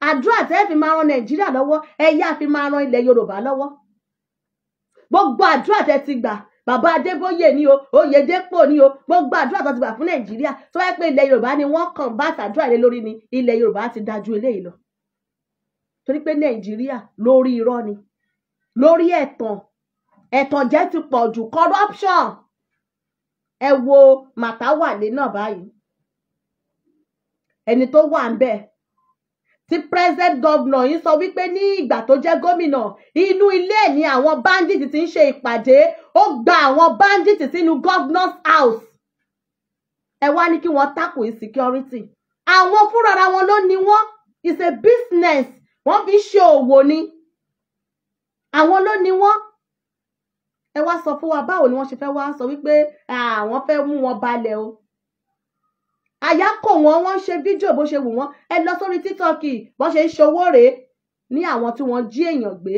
àdúrà tẹ́ fi máa ran nàìjíríà lọ́wọ́ ẹ yá fi máa ran ilẹ̀ yorùbá lọ́wọ́ gbogbo àdúrà tẹ́ ti gbà bàbá adébóyè ni o oyèdèpọ ni o gbogbo àdúrà tó ti gbà fún nàìjíríà tó wáyé pé ilẹ̀ yorùbá ni wọ́n kàn bá àtàdúrà lé lórí ni ilẹ̀ yorùbá ti dájú eléyìí lọ torí pé nàìjíríà lórí irọ́ ni lórí ẹ̀tàn ẹ̀tàn jẹ ti pọ̀ jù corruption ẹ wo màtáwálé náà báyìí ẹni tó wà ń bẹ́ẹ̀ tí present governor yìí sọ wípé ní ìgbà tó jẹ́ gómìnà inú ilé ẹ̀ ni àwọn bandit ti ń ṣe ìpàdé ó gba àwọn bandit sínú governor's house ẹ wá ní kí wọ́n tako insecurity àwọn fúnra wọn ló ní wọ́n is a business wọ́n fi ṣe òwò ni àwọn ló ní wọ́n ẹ wá sọ fún wa báwo ni wọ́n ṣe fẹ́ wá sọ wípé àwọn fẹ́ mú wọn balẹ̀ o àyà kò wọ́n wọ́n ṣe fídíò bó ṣe wù wọ́n ẹ lọ sórí títọ́ọ̀kì bọ́n ṣe ń ṣòwò rèé ní àwọn tí wọ́n jí èèyàn gbé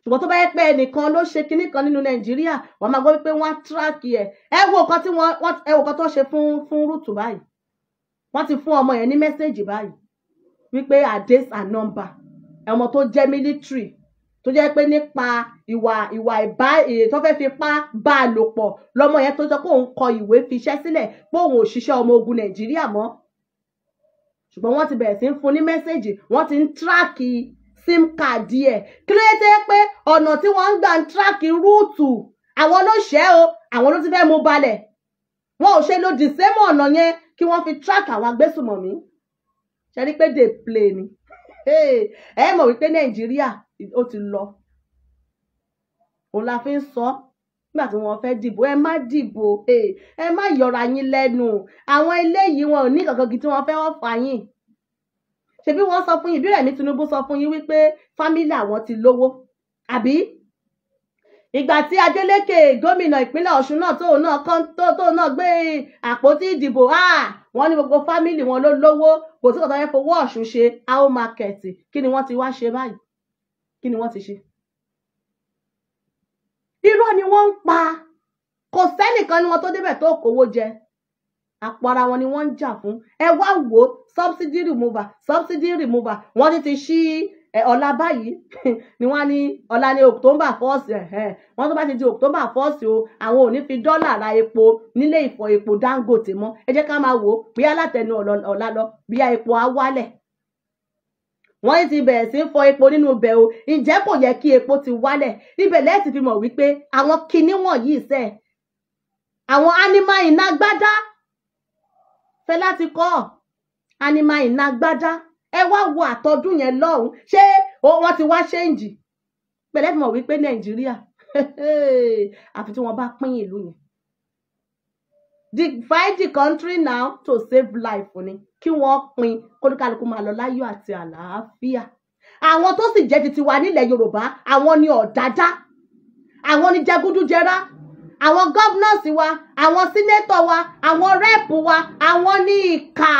ṣùgbọ́n tó bá yẹ pé ẹnìkan ló ṣe kinní kan nínú nàìjíríà wọ́n máa gbọ́ wípé wọ́n á tíráàkì ẹ̀ ẹ wo nǹkan tí wọ́n ẹ wo nǹkan tó ṣe fún fún rúùtù báyìí wọ́n ti fún ọmọ yẹn ní mẹ́sẹ̀gì báyìí wípé our days are ọmọ tó jẹ́ military tó jẹ́ pé nípa ìwà ìwà ìbá tó fẹ́ fi pa bá a lò pọ̀ lọ́mọ yẹn tó sọ pé òun kọ ìwé fiṣẹ́ sílẹ̀ pé òun ò ṣiṣẹ́ ọmọ ogun Nàìjíríà mọ́ ṣùgbọ́n wọ́n ti bẹ̀rẹ̀ sí ń fún ní mẹ́sẹ̀gì wọ́n ti ń tíráàkì sim card ẹ̀ kí ló yẹ pé ọ̀nà tí wọ́n ń gbà ń tíráàkì rúùtù àwọn ló ṣẹ́ o àwọn ló ti fẹ́ mú balẹ̀ wọn ò ṣe lo the same ọ̀nà yẹn kí wọ́n fi track àwọn agbésùmọ̀mí ṣe rí pé dey play ni ẹ mọ̀ wípé Nàìjíríà ó ti lọ òun la fi ń sọ nígbà tí wọ́n fẹ́ dìbò ẹ má dìbò ẹ má yọra yín lẹ́nu àwọn eléyìí wọn ò ní kankan kí tí wọ́n fẹ́ wọ́n fà yín ṣebí wọ́n sọ fún yín bí Rẹ̀mí Tinubu sọ fún yín wípé fámílì àwọn ti lówó àbí ìgbà tí Adeleke gómìnà ìpínlẹ̀ Ọ̀ṣun náà tóun náà kán tóun náà gbé àpótí ìdìbò wọ́n ní gbogbo fámílì wọn ló lówó kò sí kò tó yẹ fowó Ọ̀ṣun ṣe how market kí ni wọ́n ti wá ṣe báyìí kí ni wọ́n ti ṣe irọ́ ni wọ́n ń pa kò sẹ́nìkan ni wọ́n tó débẹ̀ tó kówó jẹ àpò ara wọn ni wọ́n ń jà fún ẹ wá wò ó subsidy remover subsidy remover wọ́n ti ti ṣí ọ̀la báyìí ni wọ́n ní ọ̀la ní october first wọ́n tó bá ti di october first o àwọn ò ní fi dọ́là ra epo nílé ìfọ̀ epo dangote mọ́ ẹ jẹ́ ká máa wò ó bí alátẹnu ọ̀la lọ bí epo á wálẹ̀ wọ́n ti bẹ̀rẹ̀ sí ń fọ epo nínú ibẹ̀ o ǹjẹ́ kò yẹ kí epo ti wálẹ̀ ibẹ̀ lẹ́ẹ̀tì fi mọ̀ wípé àwọn kinní wọ̀nyí sẹ̀ àwọn ánímà iná gbádá Fẹlá ti kọ́ ánímà iná gbádá ẹ wá wo àtọ́dún yẹn lọ́hùn ṣé wọ́n ti wá ṣéǹjì pẹ̀lẹ́ fi mọ̀ wípé Nàìjíríà àfi tí wọ́n bá pín ìlú yẹn divide the country now to save life ni kí wọ́n pín kólúkálukú máa lọ láyọ̀ àti àlàáfíà àwọn tó sì jẹ́ ti tiwa nílẹ̀ Yorùbá àwọn ni ọ̀dádá àwọn ni jẹgúdújẹrá àwọn gọ́vnọ̀sì wa àwọn sínétọ̀ wa àwọn rẹ́ẹ̀pù wa àwọn ní ìkà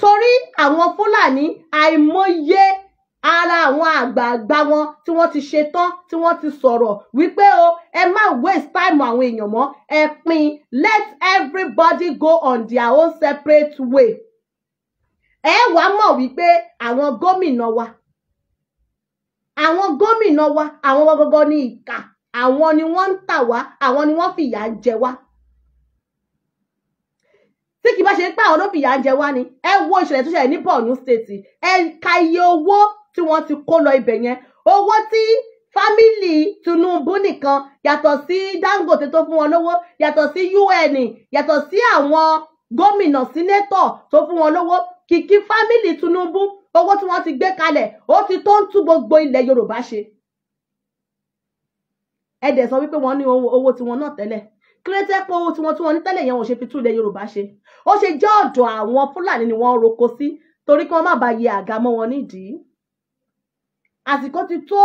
torí àwọn Fúlàní àìmọye ara àwọn àgbààgbà wọn tí wọ́n ti ṣe tán tí wọ́n ti sọ̀rọ̀ wípé o ẹ má waste time àwọn èèyàn mọ́ ẹ pín let everybody go on their own separate way ẹ wàá mọ̀ wípé àwọn gómìnà wa àwọn gómìnà wa àwọn gọgọgọ ní ìkà àwọn ni wọ́n ń tà wá àwọn ni wọ́n fìyà ń jẹ wá tí kì bá ṣe pé àwọn ló fìyà ń jẹ wá ni ẹ wo ìṣẹ̀lẹ̀ tó ṣẹlẹ̀ ní Borno state ẹ ka iye owó tí wọ́n ti kó lọ ibẹ̀ yẹn owó tí fámìlì Tinubu nìkan yàtọ̀ sí Dangote tó fún wọn lówó yàtọ̀ sí UN yàtọ̀ sí àwọn gómìnà sínétọ̀ tó fún wọn lówó kìkì fámìlì Tinubu owó tí wọ́n ti gbé kalẹ̀ ó ti tó ń tú gbogbo ilẹ̀ Yorùbá ṣe ẹ dẹ̀ sọ wípé wọ́n ní owó tiwọn náà tẹ́lẹ̀ kírẹ́tẹ́ pé owó tiwọn tí wọ́n ní tẹ́lẹ̀ yẹn wọ́n ṣe fi tú ilẹ̀ Yorùbá ṣe ó ṣe jẹ́ ọ̀dọ̀ àwọn Fúlàní ni wọ́n roko sí torí kí wọ́n má bàa yẹ àga mọ́ wọn nídìí àsìkò ti tó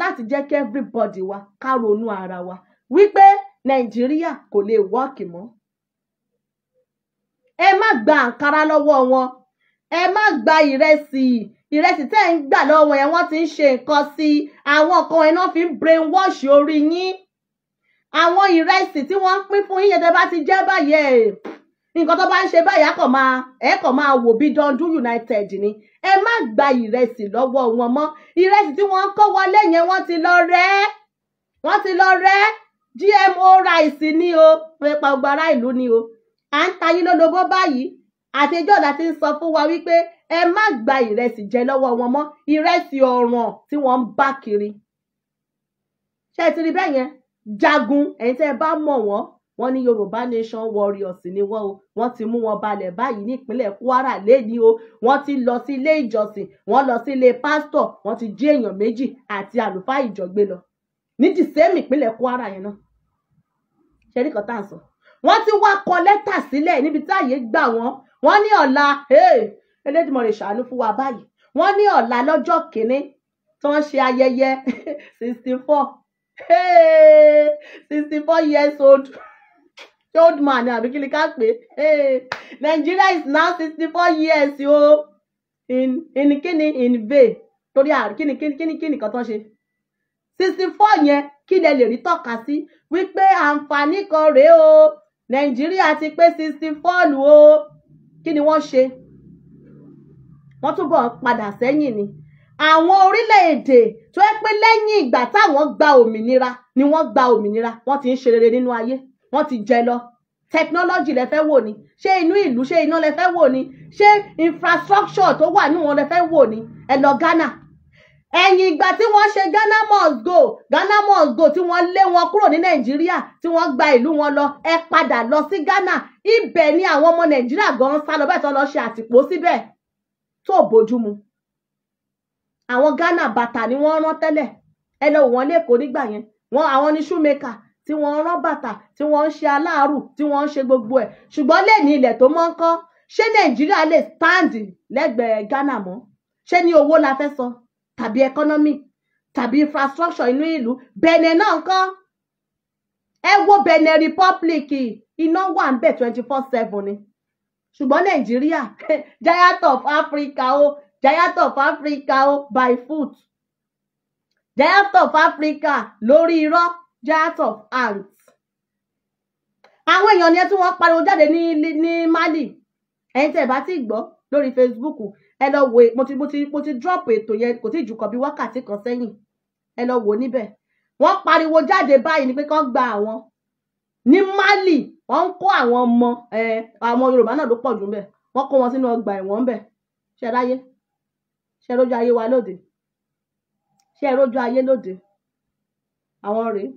láti jẹ́ kí everybody wa ká ronú ara wa wípé nàìjíríà kò lè wọ́ọ̀kì mọ́ ẹ má gba àǹkárá lọ́wọ́ wọn ẹ má gba ìrẹsì ìrẹsì tẹ́ ń gbà lọ́wọ́ ẹ wọ́n ti ń ṣe nǹkan sí i àwọn kan ẹ̀ náà fi ń brain wash orí yín àwọn ìrẹsì tí wọ́n ń pín fún yín tẹ́ bá ti jẹ́ báyẹn nǹkan tó bá ń ṣe báyìí ẹ máa ẹ máa wò bí dundun united ni ẹ má gba ìrẹsì lọ́wọ́ wọn mọ́ ìrẹsì tí wọ́n ń kó wọlé yẹn wọ́n ti lọ rẹ́ wọ́n ti lọ rẹ́ gmo rice ni o pẹ̀pẹ̀ ọgbà ará ìlú ni o à ń tayín lólobó báyìí àtijọ́ ọ̀dà ti ń sọ fún wa wípé ẹ má gba ìrẹsì jẹ lọ́wọ́ wọn mọ́ ìrẹsì ọ̀ràn tí wọ́n ń bá kiri ṣé ẹ ti rí bẹ́ẹ̀ yẹn jagun ẹ̀yin tẹ́ ẹ bá mọ̀ wọ́n wọ́n ní yorùbá nation warriors ni wọ́n o wọ́n ti mú wọn balẹ̀ báyìí nípínlẹ̀ kwara lẹ́ni o wọ́n ti lọ sí ilé ìjọsìn wọ́n lọ sí ilé pásítọ̀ wọ́n ti jí èèyàn méjì àti àlùfáà ìjọ gbé lọ ní dìsẹ́mì ìpínlẹ̀ kwara yẹn náà ṣẹ́rí kan tá à ń sọ wọ́n ti wá kọ lẹ́tà sílẹ̀ níbi tí àyè gbà wọ́n wọ́n ní ọ̀la Elédùmarè ṣàánú fún wa báyìí wọ́n ní ọ̀la lọ́jọ́ kìíní tí wọ́n ṣe ayẹyẹ sixty four sixty four years old ṣé old man ni àbí kí ni ká pè é Nigeria is now sixty four years o in in kíni in bay torí àrùn kíni kíni kíni kíni kan tó ṣe sixty four yẹn kí lẹ lè rí tọ́ka sí wípé àǹfààní kan rèé o Nàìjíríà ti pé sixty four o kí ni wọ́n ṣe wọ́n túbọ̀ padà sẹ́yìn ni àwọn orílẹ̀-èdè tó ẹ pé lẹ́yìn ìgbà táwọn gba òmìnira ni wọ́n gba òmìnira wọ́n ti ń ṣe rere nínú ayé wọ́n ti jẹ lọ technology lẹ fẹ́ wò ni ṣé inú ìlú ṣé iná lẹ fẹ́ wò ni ṣé infrastructure tó wà níwọ̀n lẹ fẹ́ wò ni ẹ lọ Ghana ẹ̀yìn ìgbà tí wọ́n ṣe Ghana must go Ghana must go tí wọ́n lé wọn kúrò ní Nàìjíríà tí wọ́n gba ìlú wọn lọ ẹ padà lọ sí Ghana ibẹ̀ ni àwọn ọmọ Nàìjíríà gan sá lọ bẹ́ẹ̀ tó lọ ṣe àtìpó síbẹ̀ tó bójú mu àwọn Ghana bàtà ni wọ́n rán tẹ́lẹ̀ ẹ lọ wọ́n lẹ́kọ̀ọ́ nígbà yẹn wọ́n àwọn ní shoemaker tí wọ́n ń rán bàtà tí wọ́n ń ṣe aláàrù tí wọ́n ń ṣe gbogbo ẹ̀ ṣùgbọ́n lè ní ilẹ̀ tó mọ́ ń kọ́ ṣé nàìjíríà lè stáǹdì lẹ́gbẹ̀ẹ́ ghana mọ́ ṣé ní owó la fẹ́ sọ tàbí ẹkọ́nọ́mì tàbí infrastructure inú ìlú bẹ̀nẹ̀ náà ń kọ́ ẹ wo bẹ̀nẹ̀ republic iná wà ń bẹ̀ twenty four seven ni ṣùgbọ́n nàìjíríà giant of africa o giant of africa o by foot giant of africa lórí irọ́ giant of ants àwọn èèyàn yẹn tí wọ́n pariwo jáde ní ní Mali ẹ̀yin tẹ́ ẹ bá ti gbọ́ lórí Facebook ẹ lọ wo mo ti mo ti mo ti drop ètò yẹn kò tí ì jù kan bí wákàtí kan sẹ́yìn ẹ lọ wò níbẹ̀ wọ́n pariwo jáde báyìí ni pé kán gba àwọn ní Mali wọ́n ń kó àwọn ọmọ àwọn Yorùbá náà ló pọ̀ jù bẹ́ẹ̀ wọ́n kó wọn sínú ọgbà ẹ̀wọ̀n bẹ́ẹ̀ ṣe ráyé ṣe rójú ayé wa lóde ṣe rójú ayé lóde àwọn rèé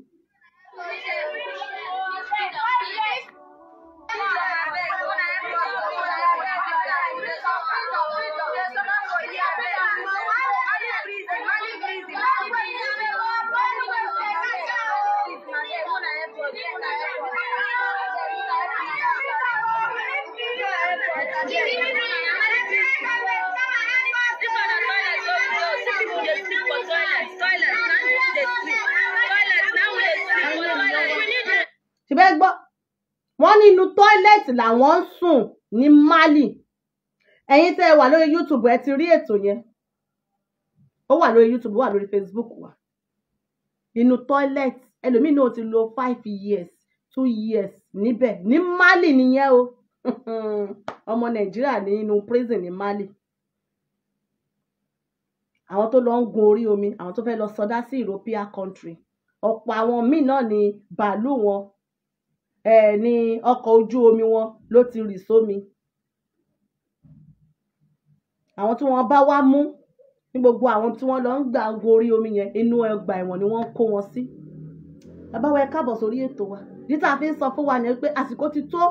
wọ́n nínú tọ́ílẹ̀tì làwọn ń sùn ní Mali ẹ̀yin tẹ́ ẹ wà lórí YouTube ẹ ti rí ètò yẹn ó wà lórí YouTube ó wà lórí Facebook wa nínú tọ́ílẹ̀tì ẹlòmíín náà ti lò five years two years níbẹ̀ ní Mali nìyẹn o ọmọ Nàìjíríà nínú prison ní Mali àwọn tó lọ ń gun orí omi àwọn tó fẹ́ lọ sọdá sí European country ọ̀pọ̀ àwọn míì náà ni bàálù wọn ẹ ní ọkọ̀ ojú omi wọn ló ti rì sómi àwọn tí wọ́n bá wá mú ní gbogbo àwọn tí wọ́n lọ ń gbà gorí omi yẹn inú ọgbà ẹ̀wọ̀n ni wọ́n kó wọn sí bàbá wa ẹ káàbọ̀ sórí ètò wa níta fi ń sọ fún wa ni pé àsìkò ti tó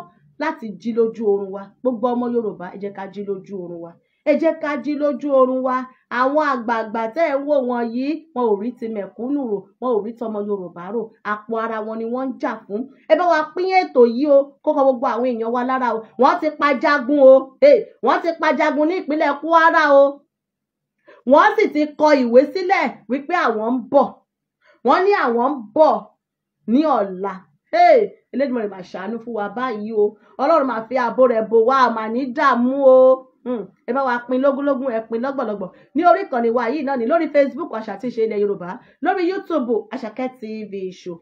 láti jí lójú oorun wa gbogbo ọmọ Yorùbá ẹ jẹ́ ká jí lójú oorun wa ẹ jẹ́ ká jí lójú oorun wa àwọn àgbààgbà tẹ́ ẹ̀ ń wò wọn yìí wọn ò rí ti mẹ̀kúnnù rò wọn ò rí tọmọ Yorùbá rò àpò ara wọn ni wọ́n ń jà fún ẹ bá wa pín ètò yìí o kókó gbogbo àwọn èèyàn wa lára o wọ́n ti pa jagun o wọ́n ti pa jagun ní ìpínlẹ̀ Kwara o wọ́n sì ti kọ ìwé sílẹ̀ wípé àwọn ń bọ̀ wọ́n ní àwọn ń bọ̀ ní ọ̀la Elédùmarè máa ṣàánú fún wa báyìí o Ọlọ́run máa fi ààbò rẹ̀ bò wá àmà dààmú o. Hmm. ẹ bá wa pín lógúnlógún ẹ pín lọ́gbọ̀lọ́gbọ̀ ní orí ìkànnì wa yìí náà ni lórí Facebook àṣàtìṣe ilẹ̀ yorùbá lórí YouTube àṣàkẹ́ TV show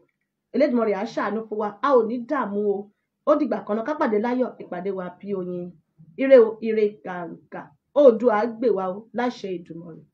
elédìmọ̀rẹ̀ àṣàánú fún wa a ò ní dààmú o ó dìgbà kan náà kápàdé láyọ̀ ìpàdé wa bí oyin ire o ire gàǹgà oòdùà gbè wá o láṣẹ ìdùmọ̀rẹ̀.